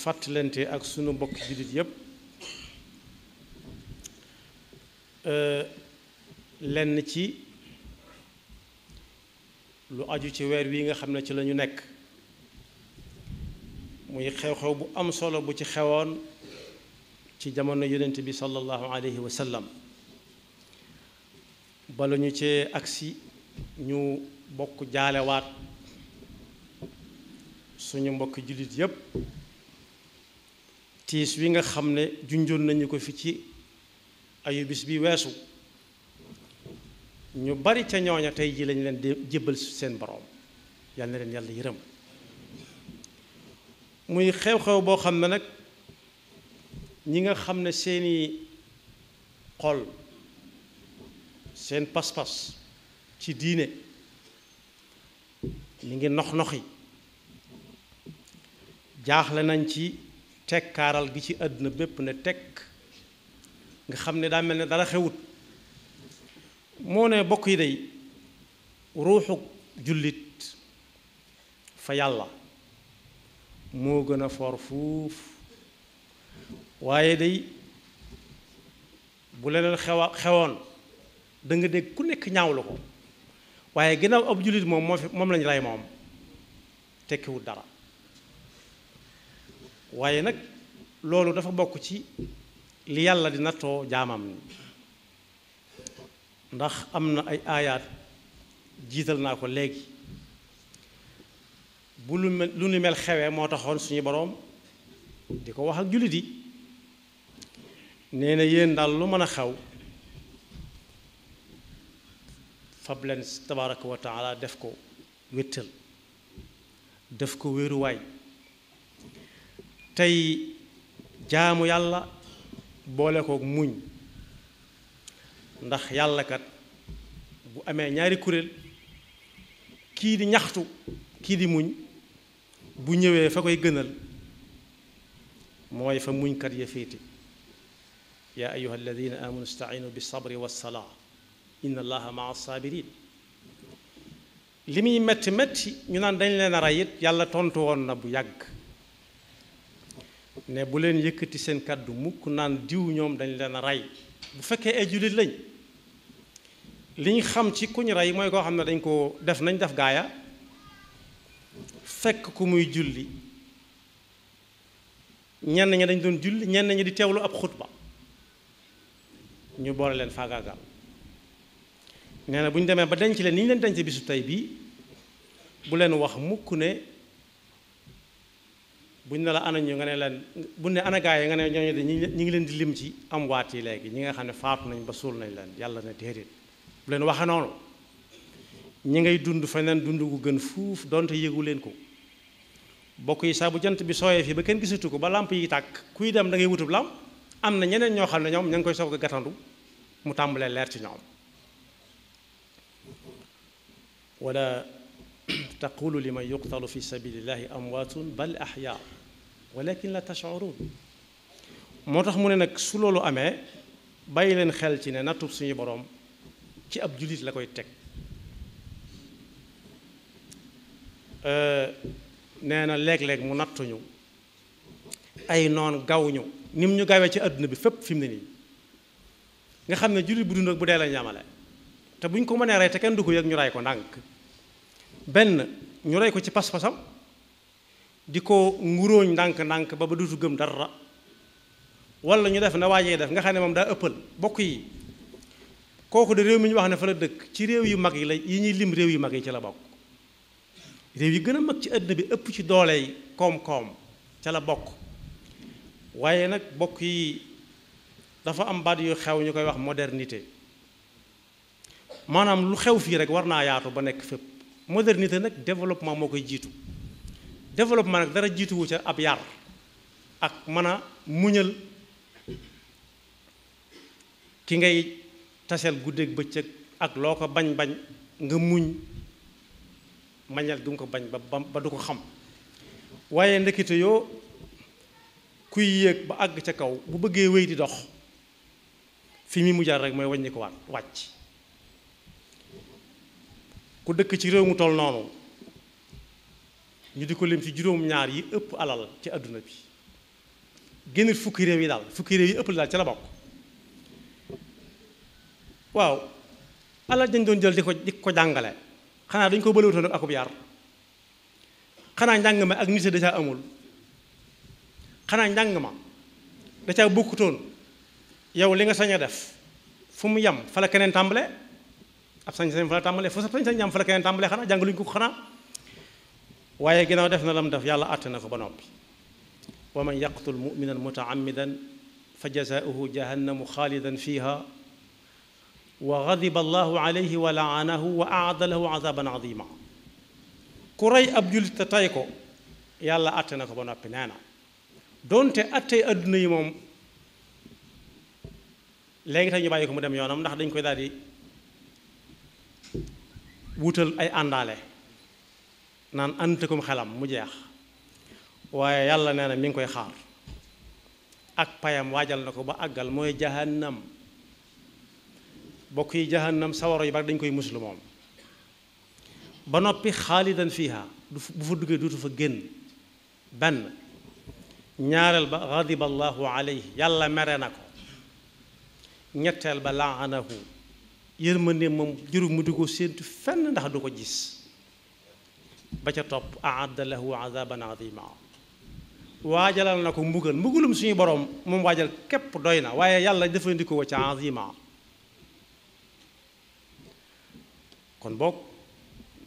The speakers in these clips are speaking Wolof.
fàttalante ak sunu mbokki jullit yépp lenn ci lu aju ci weer wi nga xam ne ci lañu nekk muy xew-xew bu am solo bu ci xewoon ci jamono yonent bi sallallahu alayhi wa sallam bala ñu cee agsi ñu bokk jaalewaat suñu mbokki jullit yépp tiis wi nga xam ne junjoon nañu ko fi ci ayu bis bi weesu ñu bari ca ñooña tey ji lañ leen jébbal seen boroom yal na leen yàlla yërëm muy xew-xew boo xam ne nag ñi nga xam ne seeni xol seen pas-pas ci diine mi ngi nox noxi jaaxle nañ ci tekkaaral gi ci àdduna bépp ne tekk nga xam ne daa mel ne dara xewut moo ne bokk yi day ruuxu jullit fa yàlla moo gën a foor fuuf waaye day bu leneen xewa xewoon da dégg ku nekk ñaawlu ko waaye ginnaaw ab jullit moom moo moom lañ rey moom tekkiwut dara waaye nag loolu dafa bokk ci li yàlla di nattoo jaamam ndax am na ay aayaat jiital naa ko léegi bu lu mel lu nu mel xewee moo taxoon suñu boroom di ko wax ak jullit yi nee na yéen daal lu mën a xew fab leen tabaaraka def ko wéttal def ko wéeruwaay tey jaamu yàlla boole kook muñ ndax yàllakat bu amee ñaari kuréel kii di ñaxtu kii di muñ bu ñëwee fa koy gënal mooy fa muñkat ya féete yaa ayuha alladina amanu istainu bi sabri wassalaa inna li muy metti metti ñu naan dañ leen a rey yàlla tontu woon na bu yàgg ne bu leen yëkkati seen kàddu mukk naan diw ñoom dañ leen a rey bu fekkee ay jullit lañ liñ xam ci kuñ rey mooy koo xam ne dañ ko def nañ def gaaya fekk ku muy julli ñenn ñi dañ doon julli ñenn ñi di teewlu ab xutba ñu boole leen faagaagal nee na buñ demee ba denc leen ni ñu leen denc bisu tey bii bu leen wax mukk ne buñ ne la ana ñu nga ne leen buñ ne ana gaay yi nga ne ñooñu de ñi ngi leen di lim ci am waat yi léegi ñi nga xam ne faatu nañ ba suul nañ leen yàlla ne déedéet bu leen waxe noonu ngay dund feneen dund gu gën fuuf donte yëgu leen ko bokk yi saabu jant bi sooyee fii ba kenn gisatu ko ba làmp yi tàkk kuy dem dangay ngay wutub làmp am na ñeneen ñoo xam ne ñoom ña koy soog a gatandu mu tàmbalee leer ci ñoom wala taqulu liman yuqtalu fi sabilillahi amwaatun bal ahyaa walakin la tash'urun moo tax mu ne nag su loolu amee bàyyi leen xel ci ne nattub suñu boroom ci ab jullit la koy teg nee na léeg-léeg mu nattuñu ay noon gaw ñu mu ñu gaawee ci àdduna bi fépp fi mu ne nii nga xam ne jullit bu dund ak bu dee la ñamale te buñ ko mënee rey te kenn du ko yëg ñu rey ko ndànk benn ñu rey ko ci pas-pasam di ko nguróoñ ndànk-ndànk ba ba dutu gëm dara wala ñu def na waajee def nga xam ne moom daa ëppal bokk yi kooku de réew mi ñu wax ne fa la dëkk ci réew yu mag yi la yi ñuy lim réew yu mag yi ca la bokk réew yi gën a mag ci àddina bi ëpp ci doole yi koom-koom ca la bokk waaye nag bokk yi dafa am baat yu xew ñu koy wax modernité maanaam lu xew fii rek war naa yaatu ba nekk fépp modernité nag développement moo koy jiitu développement nag dara jiituwu ca ab yar ak mën a muñal ki ngay taseel guddeeg bëccëg ak loo ko bañ-bañ nga muñ mañal gi ko bañ ba ba du ko xam waaye ndekete yoo kuy yéeg ba àgg ca kaw bu bëggee wéy di dox fi mu mujjaat rek mooy wàññi ko waat wàcc ku dëkk ci réew mu toll noonu ñu di ko lim ci juróom-ñaar yi ëpp alal ci àdduna bi génn fukki réew yi daal fukki réew yi ëpp daal ci la bokk waaw alal dañ doon jël di ko di ko jàngale xanaa dañ ko bëlewutoon ak akub yar xanaa njàng ma ak nit da caa amul xanaa njàng ma da caa yow li nga sañ a def fu mu yem fa la keneen tàmbale ab sañ-sañ fa la tàmbalee fu sa sañ-sañ ñam fa la keneen tàmbalee xanaa jàngaluñ ko xanaa waaye ginnaaw def na lam def yàlla àtte na ko ba noppi wa man yaqtul muminan mutaamidan fa jazaauhu jahannamu xaalidan fiha wa gadiba allahu alayhi wa laanahu wa aada lahu azaban azima ko yàlla àtte na ko ba noppi nee na doonte yi moom léegi tey ñu bàyyi ko mu dem yoonam ndax dañ koy daal wutal ay àndaale naan antakum xelam mu jeex waaye yàlla nee na ngi koy xaar ak payam waajal na ko ba àggal mooy jahannam bokk yi jahannam sawaro yi bari dañ koy muslu moom ba noppi xaalidan fiiha bu fa duggee duutu fa génn benn ñaareel ba xadiba allahu yàlla mere na ko ñetteel ba laanahu yërmande moom jëru mu di ko fenn ndax du ko gis ba ca topp aadda lahu azaban azima waajalal na ko mbugal mbugalum suñu borom moom waajal képp doy na waaye yàlla jëfandikoo ca azima kon boog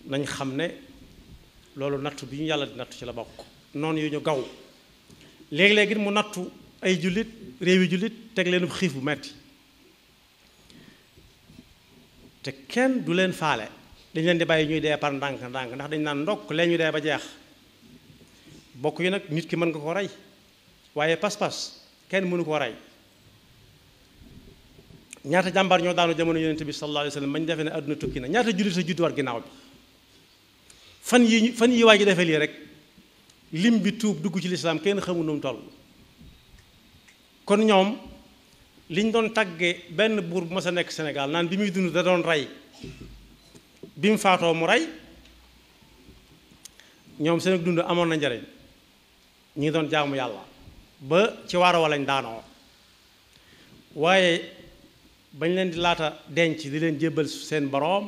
nañ xam ne loolu nattu bi ñu yàlla di nattu ci la bokk noon yu ñu gaw léeg-léeg it mu nattu ay jullit réewi jullit teg leen xiif bu metti te kenn du leen faale dañ leen di bàyyi ñuy dee par ndànk-ndànk ndax dañu naan ndokk leen ñu dee ba jeex bokk yi nag nit ki mën nga ko rey waaye pas-pas kenn mënu ko rey ñaata jàmbaar ñoo daanu jamono yonent bi sallallahu alayhi wa sallam bañ defee ne àdduna tukki na ñaata jullit sa judd war ginnaaw bi fan yi fan yi waa ji defee lii rek lim bi tuub dugg ci lislaam kenn xamu nu mu kon ñoom liñ doon tàggee benn buur bu ma sa nekk Sénégal naan bi muy dund da doon rey bi mu faatoo mu rey ñoom seen dund amoon na njariñ ñu ngi doon jaamu yàlla ba ci waarawa lañ daanoo waaye bañ leen di laata denc di leen jébbal seen boroom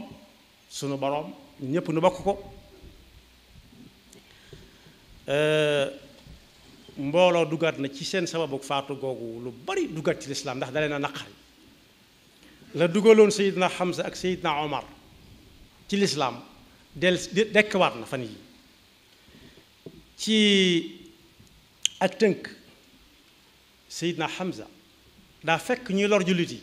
sunu boroom ñépp nu bokk ko euh, mbooloo dugaat na ci seen sababu faatu googu lu bari dugaat ci lislaam ndax dalee na naqari la dugaloon Seydina Hamza ak Seydina Omar ci lislaam del dekkiwaat na fan yi ci ak tënk Seydina Hamza daa fekk ñuy lor jullit yi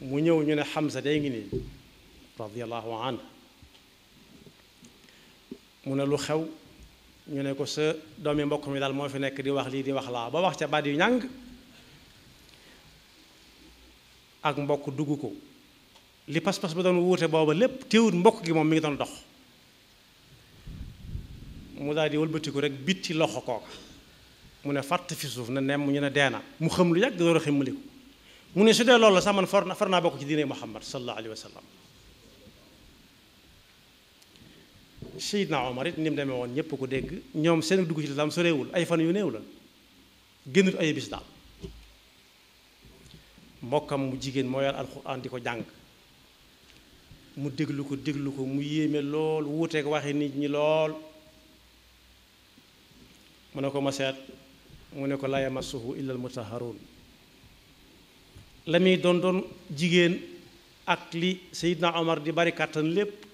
mu ñëw ñu ne Hamza day ngi nii radiyallahu anhu mu ne lu xew ñu ne ko sa doomi mbokk mi daal moo fi nekk di wax lii di wax laa ba wax ca baat yu ñàng ak mbokk dugg ko li pas-pas ba doon wuute booba lépp téewut mbokk gi moom mi ngi doon dox mu daal di wëlbatiku rek bitti loxo kooka mu ne fàtt fi suuf na nemm ñu ne deena mu xam lu yàgg door a ximmaliku mu ne su dee loolu la sax man for naa bokk ci diine Muhammad sallallahu alayhi wa sallam Seydina Omar it ni mu demee ñëpp ko dégg ñoom seen dugg ci lislaam soreewul ay fan yu néew la génnut ay bis daal mbokkam mu jigéen moo yor alxuraan di ko jàng mu déglu ko déglu ko mu yéeme lool wuuteeg waxi nit ñi lool mu ne ko ma seet mu ne ko laa yamassuhu illa al mutahharuun la muy doon doon jigéen ak li Seydina Omar di bari kàttan lépp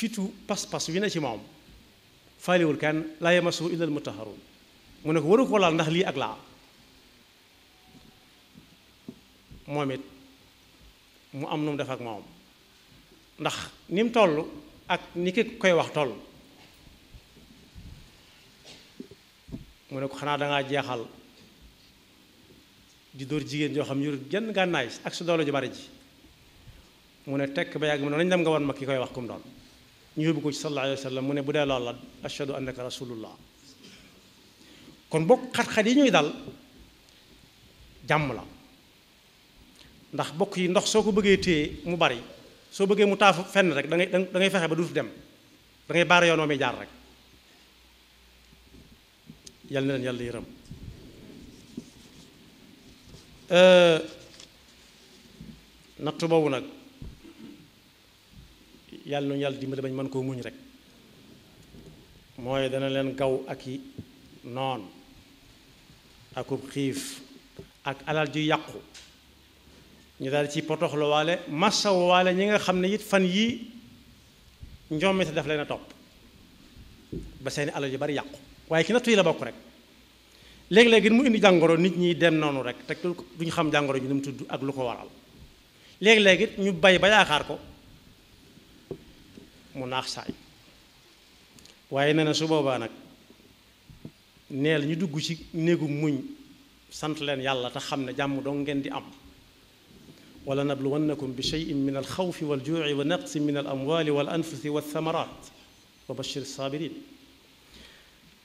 fitu pas-pas wi na ci moom faaliwul kenn laa yamassuhu illa al-mutahharun mu ne ko waru ko laal ndax lii ak laa moom it mu am nu mu def ak moom ndax ni mu toll ak ni ki koy wax toll mu ne ko xanaa dangaa jeexal di dóor jigéen joo xam ne yorut genn gànnaay ak su doole ju bari ji mu ne tekk ba yàgg mu ne nañ dem nga wan ma ki koy wax kum doon ñu yóbbu ko ci sallallahu alayhi wa mu ne bu dee loolu la ashhadu annaka rasulullah kon bokk xat-xat yi ñuy dal jàmm la ndax bokk yi ndox soo ko bëggee téye mu bari soo bëggee mu taafu fenn rek da ngay da ngay fexe ba du dem da ngay baara yoonoo mi jaar rek yal na leen yàlla yërëm euh, nattu boobu nag yàlla nañu yàlla dimbali bañ mën koo muñ rek mooy dana leen gaw ak i noon akub xiif ak alal ju yàqu ñu daal ci potoxlu waale massa waale ñi nga xam ne it fan yii njommite def leen a topp ba seeni alal yu bari yàqu waaye ki na yi la bokk rek léegi-léegi mu indi jàngoro nit ñi dem noonu rek te ñu xam jàngoro ji nu mu tudd ak lu ko waral léegi-léegi ñu bay ba yaakaar ko mu naax saay waaye nee na su boobaa nag neel ñu dugg ci néegu muñ sant leen yàlla te xam na jàmm dong ngeen di am wala nabluwannakum bi cheyin min alxawfi waljuuci wa naqsi min alamwaali walanfusi walthamarat wa bashir alsaabirin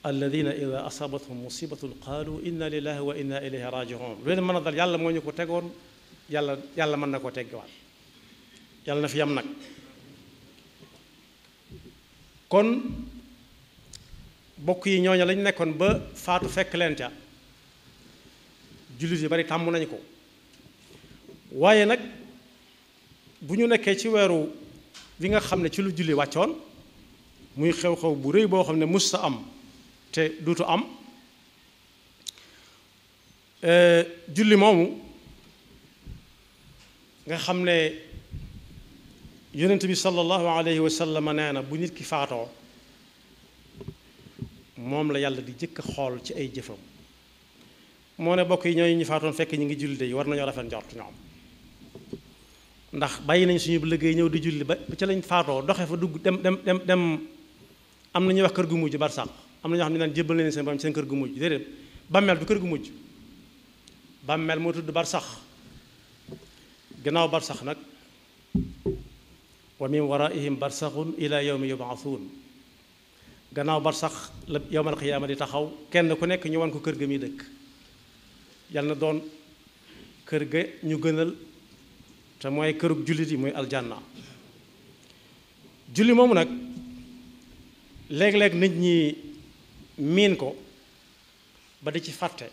alladina ida asaabathum musibatun qaalu inna lillahi wa inna ilayhi rajiun lu leen mën a dal yàlla moo ñu ko tegoon yàlla yàlla mën na ko teggiwaat yàlla na fi yam nag kon bokk yi ñooña lañ nekkoon ba faatu fekk leen ca jullit yi bari tàmm nañ ko waaye nag bu ñu nekkee ci weeru bi nga xam ne ci lu julli wàccoon muy xew-xew bu rëy boo xam ne mus am te duutu am eh, julli moomu nga xam ne yonent bi sallallahu alayhi wa sallam nee na bu nit ki faatoo moom la yàlla di jëkk xool ci ay jëfam moo ne bokk yi ñooñu ñu faatoon fekk ñu ngi julli de war nañoo rafet njort ñoom ndax bàyyi nañ suñu liggéey ñëw di julli ba ca lañ faatoo doxe fa dugg dem dem dem am na ñuy wax kër gu mujj bar sax am na ñoo xam ne naan jébbal nañ seen borom seen kër gu mujj déedéet bàmmeel du kër gu mujj bàmmeel moo tudd bar gannaaw bar nag wa min waraihim barsaxun ila yawmi yubaasuun gannaaw barsax la yowmal qiyaama di taxaw kenn ku nekk ñu wan ko kër gi muy dëkk yal na doon kër ga ñu gënal te mooy kërug jullit yi muy aljanna julli moomu nag léeg-léeg nit ñi miin ko ba di ci fàtte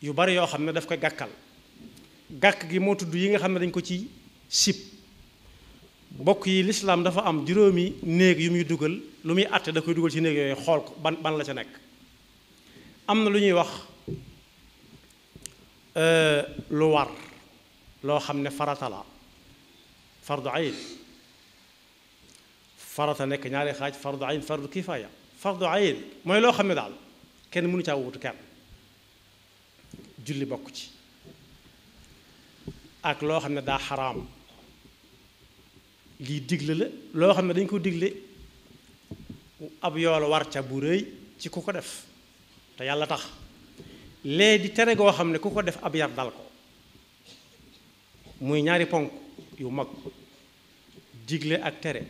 yu bari yoo xam ne daf koy gàkkal gàkk gi moo tudd yi nga xam ne dañ ko ci sip mbokk yi lislaam dafa am juróomi néeg yu muy dugal lu muy àtte da koy dugal ci néeg yooyu xool ko ban ban la ci nekk am na lu ñuy wax euh, lu war loo xam ne farata la fardu ayn farata nekk ñaari xaaj fardu far fardu kifaaya fardu ayn mooy loo xam ne daal kenn mënu caa wuutu kenn julli bokk ci ak loo xam ne daa xaraam lii digle la loo xam ne dañ ko digle ab yool war ca bu rëy ci ku ko def te yàlla tax lee di tere goo xam ne ku ko def ab yar dal ko muy ñaari ponk yu mag digle ak tere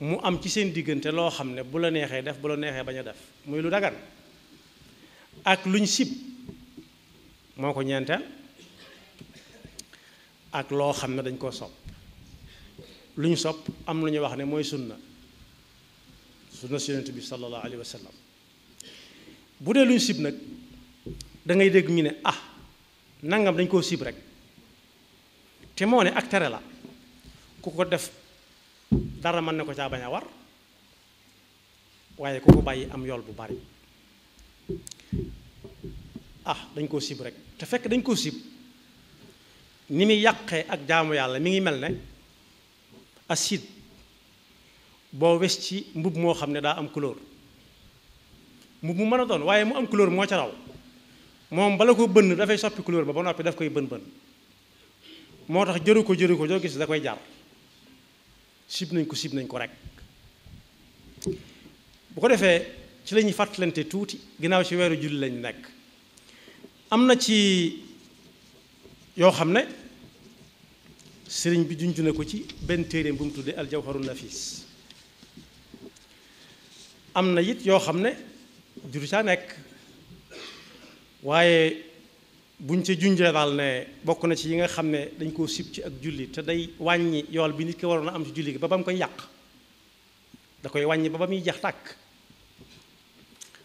mu am ci seen diggante loo xam ne bu la neexee def bu la neexee bañ a def muy lu dagan ak luñ sib moo ko ñeenteel ak loo xam ne dañ koo sopp lu ñu sopp am lu ñu wax ne mooy sunna sunna si yonent bi sallallahu alayhi wa bu dee lu ñu sib nag dangay dégg ñu ne ah nangam dañ koo sib rek te moo ne ak tere la ku ko def dara mën na ko caa bañ a war waaye ku ko bàyyi am yool bu bari ah dañ koo sib rek te fekk dañ koo sib ni muy yàqee ak jaamu yàlla mi ngi mel ne acide boo wes ci mbub moo xam ne daa am couleur mbub mu mën a doon waaye mu am couleur moo ca raw moom bala ko bënn dafay soppi couleur ba ba noppi daf koy bën bën moo tax jëru ko jëru ko joo gis da koy jar sib nañ ko sib nañ ko rek bu ko defee ci lañuy ñuy fàttalante tuuti ginnaaw ci weeru julli lañ nekk am na ci yoo xam ne sëriñ bi junj ko ci benn téereem bu mu tuddee aljawharun nafis am na it yoo xam ne juru saa nekk waaye buñ ca junjee daal ne bokk na ci yi nga xam ne dañ koo sib ci ak julli te day wàññi yool bi nit ki waroon a am ci julli ba ba mu koy yàq da koy wàññi ba ba muy jax tàkk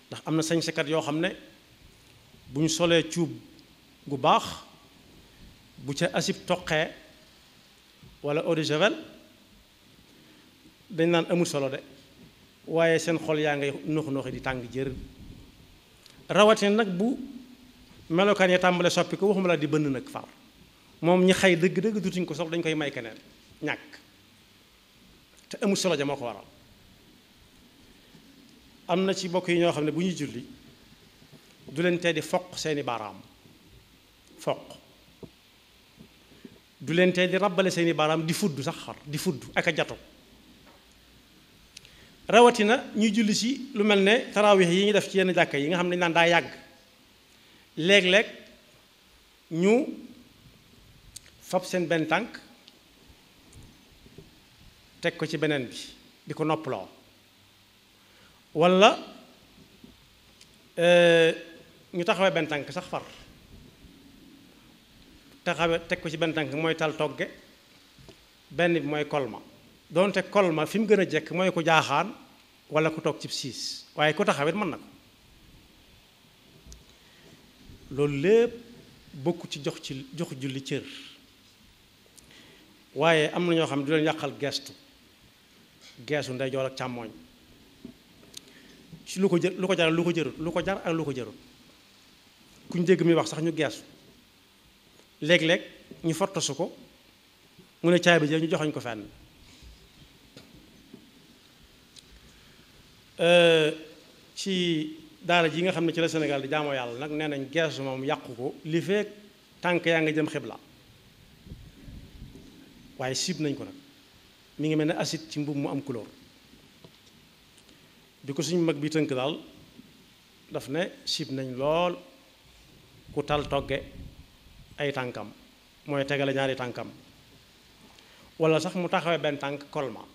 ndax am na sañsekat yoo xam ne bu ñu solee cuub gu baax bu ca asib toqee wala eau de javel dañ naan amul solo de waaye seen xol yaa ngay nox noxi di tàng jër rawatina nag bu melokaan ya tàmbale soppi ko waxuma laa di bënn nag far moom ñi xay dëgg-dëgg dutuñ ko sol dañ koy may keneen ñàkk te amul solo ja moo ko waral am na ci bokk yi ñoo xam ne bu ñuy julli du leen tee di foq seeni baaraam foq du leen di rabbale seeni baaraam di fudd sax xar di fudd ak a jato rawatina ñuy julli ci lu mel ne tarawix yi ñu def ci yenn jàkka yi nga xam ne naan daa yàgg léeg-léeg ñu fab seen benn tànk teg ko ci beneen bi di ko noppaloo walla euh, ñu taxawee benn tànk sax far taxawe teg ko ci benn tànk mooy tal togge benn bi mooy kolma doonte kolma fi mu gën a jekk mooy ko jaaxaan wala ku toog cib siis waaye ko taxawit man na ko loolu lépp bokk ci jox ci jox julli cër waaye am na ñoo xam ne du leen yàqal gestu geesu ndey joor ak càmmooñ ci lu ko jë lu ko jar lu ko jërut lu ko jar ak lu ko jërut kuñ dégg mi wax sax ñu geesu léeg-léeg ñu fortosu ko mu ne caabi ja ñu joxañ ko fenn euh, ci daara ji nga xam ne ci la Sénégal di jaamoo yàlla nag nee nañ geesu moom yàqu ko li feek tànk yaa nga jëm la waaye siib nañ ko nag mi ngi mel ne acide ci mbubb mu am couleur bi ko suñu mag bi tënk daal daf ne siib nañ lool ku tal togge ay tànkam mooy tegale ñaari tànkam walla sax mu taxawee benn tànk kolma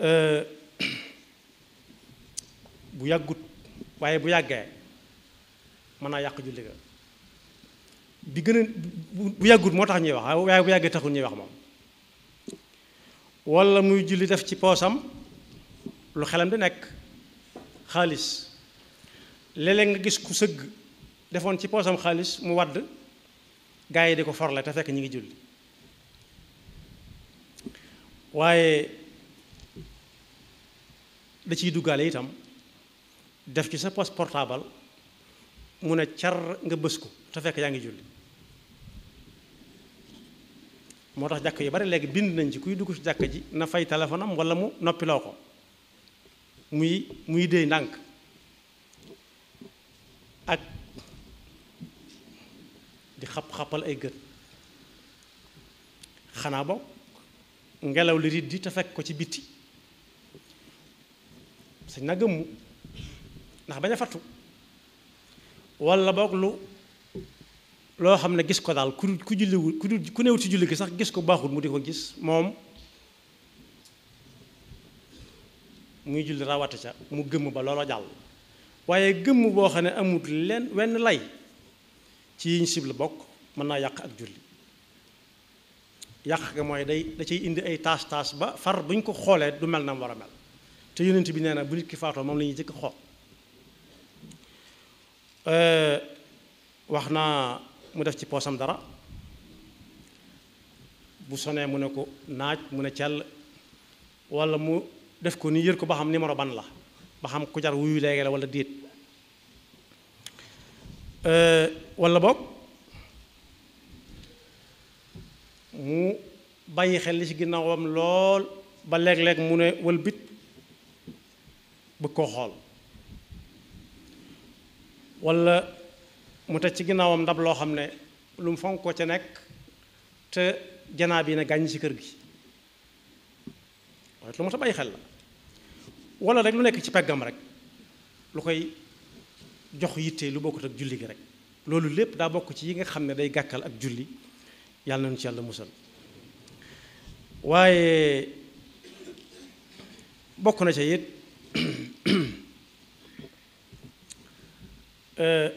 euh, bu yàggut waaye bu yàggee mën naa yàq julli ga bi gën bu yàggut moo tax ñuy wax waaye bu yàggee taxul ñuy wax moom wala muy julli def ci poosam lu xelam di nekk xaalis léeg nga gis ku sëgg defoon ci poosam xaalis mu wadd gaa yi di ko forle te fekk ñi ngi julli waaye da ciy duggaale itam def ci sa poos portable mu ne car nga bës ko te fekk yaa ngi julli moo tax jàkk yi bari léegi bind nañ ci kuy dugg ci jàkk ji na fay téléphone am wala mu noppiloo ko muy muy déy ndànk di xap-xapal ay gën xanaa bokk ngelaw li riddi te fekk ko ci bitti sañ na gëmmu ndax bañ a fattu walla boog lu loo xam ne gis ko daal ku ku julliwul ku ku néew ci julli gi sax gis ko baaxul mu di ko gis moom muy julli rawatu ca mu gëmm ba looloo jàll waaye gëmm boo xam ne amut leen wenn lay ci yiñ cible bokk mën naa yàq ak julli yàq nga mooy day da ciy indi ay taas taas ba far buñ ko xoolee du mel na mu war a mel te yonent bi nee na bu nit ki faatoo moom la ñuy jëkk xool euh, wax naa mu def ci poosam dara bu sonee mu ne ko naaj mu ne cell wala mu def ko ni yër ko ba xam numéro ban la ba xam ku jar wuyu léegi la wala déet Euh, walla boog mu bàyyi xel li ci ginnaawam lool ba léeg-léeg mu ne wëlbit bëgg koo xool walla mu teg ci ginnaawam ndab loo xam ne lu mu fonk ko ca nekk te janaa bi ne gàññ ci kër gi waaye lu ma ta bàyyi xel la walla rek lu nekk ci peggam rek lu koy jox yitte lu bokkut ak julli gi rek loolu lépp daa bokk ci yi nga xam ne day gàkkal ak julli yàlla nañu ci yàlla musal waaye bokk na ca it euh,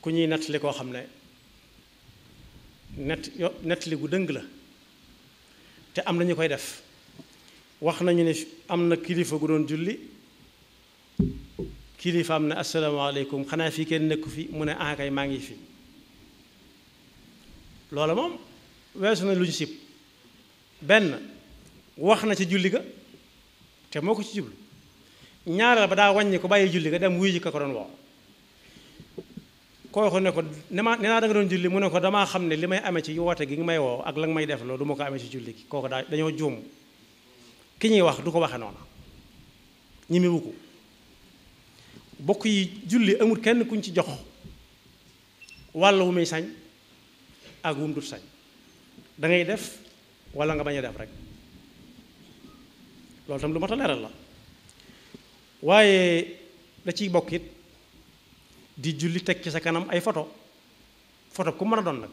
ku ñuy nettali koo xam ne nett nettali gu dëng la te am na ñu koy def wax nañu ne am na kilifa gu doon julli kilifaam ne asalaamaaleykum xanaa fii kenn nekku fi mu ne aakay ah, maa ngi fi loola moom weesu na lu ñu sib benn wax na ci julli ga te moo ko ci jublu ñaareel ba daa wàññi ko bàyyi julli ga dem wuy ji ka ko doon woo koo ko ne ko ne ma nee naa da nga doon julli mu ne ko damaa xam ne li may amee ci woote gi nga may woo ak la nga may def loolu du ma ko amee ci julli gi kooku daa dañoo juum ki ñuy wax du ko waxe noonu ñi mi wuku bokk yi julli amul kenn ku ñu ci jox wàll wu muy sañ ak wum dut sañ dangay def walla nga bañ a def rek loolu tam lu mat a leeral la waaye da ciy bokk it di julli teg ci sa kanam ay photo photo ku mën a doon nag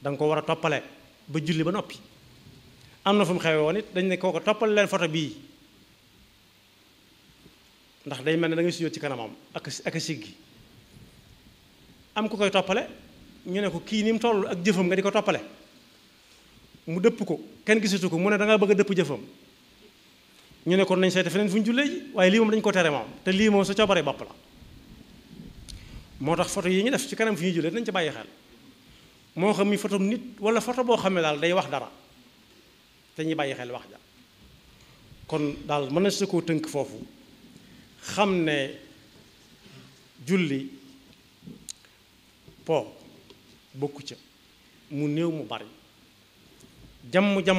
da nga ko war a toppale ba julli ba noppi am na fu mu xewe woon it dañ ne kooko toppal leen photo bii ndax day mel ne da ngay sujjóot ci kanamam ak ak siggi am ku koy toppale ñu ne ko kii ni mu toll ak jëfam nga di ko toppale mu dëpp ko kenn gisatu ko mu ne da bëgg a dëpp jëfam ñu ne kon nañ seete feneen fu ñu jullee ji waaye lii moom dañ ko tere moom te lii moom sa coobaree bopp la moo tax foto yi ñu def ci kanam fu ñuy jullee nañ ci bàyyi xel moo xam ni photo nit wala photo boo xam ne daal day wax dara te ñuy bàyyi xel wax ja kon daal mën na su tënk foofu xam ne julli po bokku ca mu néew mu bari jàmm jam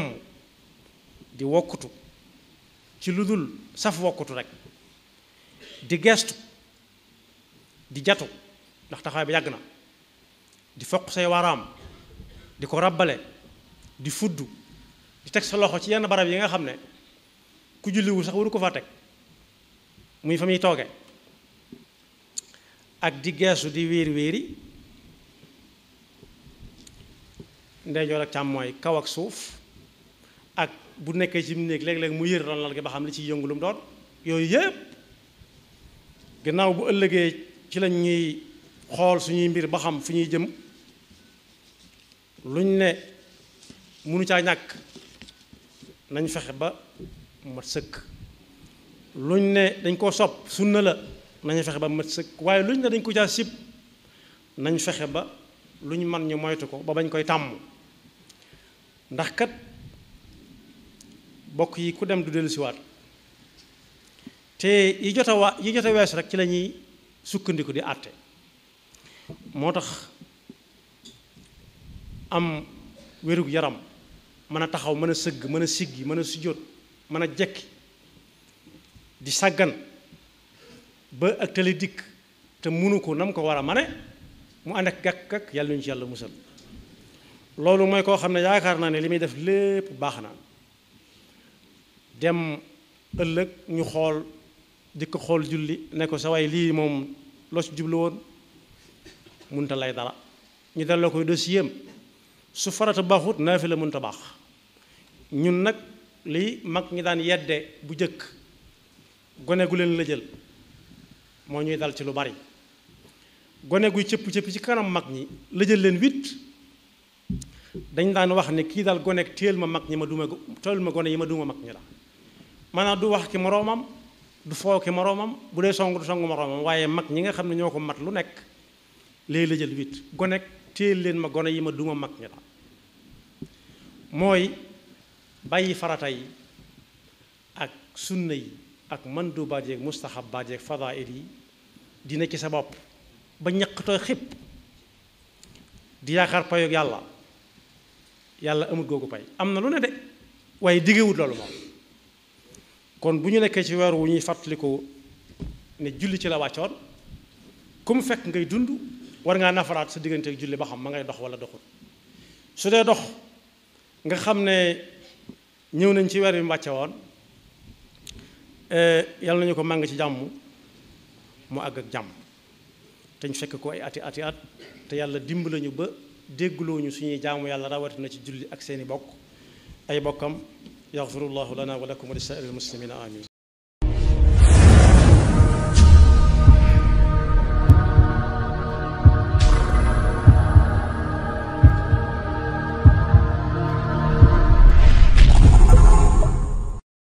di wokkutu ci lu dul saf wokkutu rek di gestu di jatu ndax taxawaay bi yàgg na di foq say waraam di ko ràbbale di fudd di teg sa loxo ci yenn barab yi nga xam ne ku julliwul sax waru ko faa teg muy fa muy tooge ak di geesu di wéeri wéeri ndeyjoor ak càmmooy kaw ak suuf ak bu nekkee ci mu néeg léeg-léeg mu yër ron lal gi ba xam li ciy yëngu lu mu yooyu yëpp gannaaw bu ëllëgee ci lañ ñuy xool suñuy mbir ba xam fu ñuy jëm luñ ne mënu caa ñàkk nañ fexe ba mat sëkk luñ ne dañ koo sopp sunna la nañu fexe ba mat sëkk waaye luñ ne dañ ko caa sib nañ fexe ba lu ñu man ñu moytu ko ba bañ koy tàmm ndax kat bokk yi ku dem du dellusiwaat te yi jot a wa yi jot a weesu rek ci lañuy sukkandiku di àtte moo tax am wérug yaram mën a taxaw mën a sëgg mën a siggi mën a sujjóot mën a jekki di sàggan ba ak tële dikk te munu ko nam ko war a mane mu ànd ak gàkk ak yàlla ñu ci yàlla musal loolu mooy koo xam ne yaakaar naa ne li muy def lépp baax na dem ëllëg ñu xool di ko xool julli ne ko sa waay lii moom loo ci jublu munta lay dara ñu delloo koy dossier su farata baaxut naafila munta baax ñun nag li mag ñi daan yedde bu jëkk gone gu leen la jël moo ñuy dal ci lu bari gone guy cëpp cëpp ci kanam mag ñi la jël leen wit dañ daan wax ne kii daal gone téel ma mag ñi ma duma téel ma gone yi ma duma mag ñi la du wax ki moroomam du foo ki bu dee song du moroomam waaye mag ñi nga xam ne ñoo ko mat lu nekk léegi la jël wit gone téel leen ma gone yi ma duma mag ñi la mooy bàyyi farata yi ak sunna yi ak mandubaat yeeg mustaxabaat yeeg fadaa'il yi dina ci sa bopp ba ñaqtoo xépp di yaakaar payoog yàlla yàlla amut googu pay am na lu ne de waaye diggewut loolu moom kon bu ñu nekkee ci weer wu ñuy fàttaliku ne julli ci la wàccoon ku mu fekk ngay dund war ngaa nafaraat sa diggante ak julli ba xam ma ngay dox wala doxul su dee dox nga xam ne ñëw nañ ci weer bi mu wàcce woon Eh, yàlla na ñu ko màng ci jàmm mu àgg ak jàmm te ñu fekk ko ay ati ati at te yàlla dimbala ñu ba déggloo ñu suñuy jaamu yàlla rawatina ci julli ak seeni bokk ay bokkam yaxfirullahu lana wa lakum wa li saa'iril muslimina amin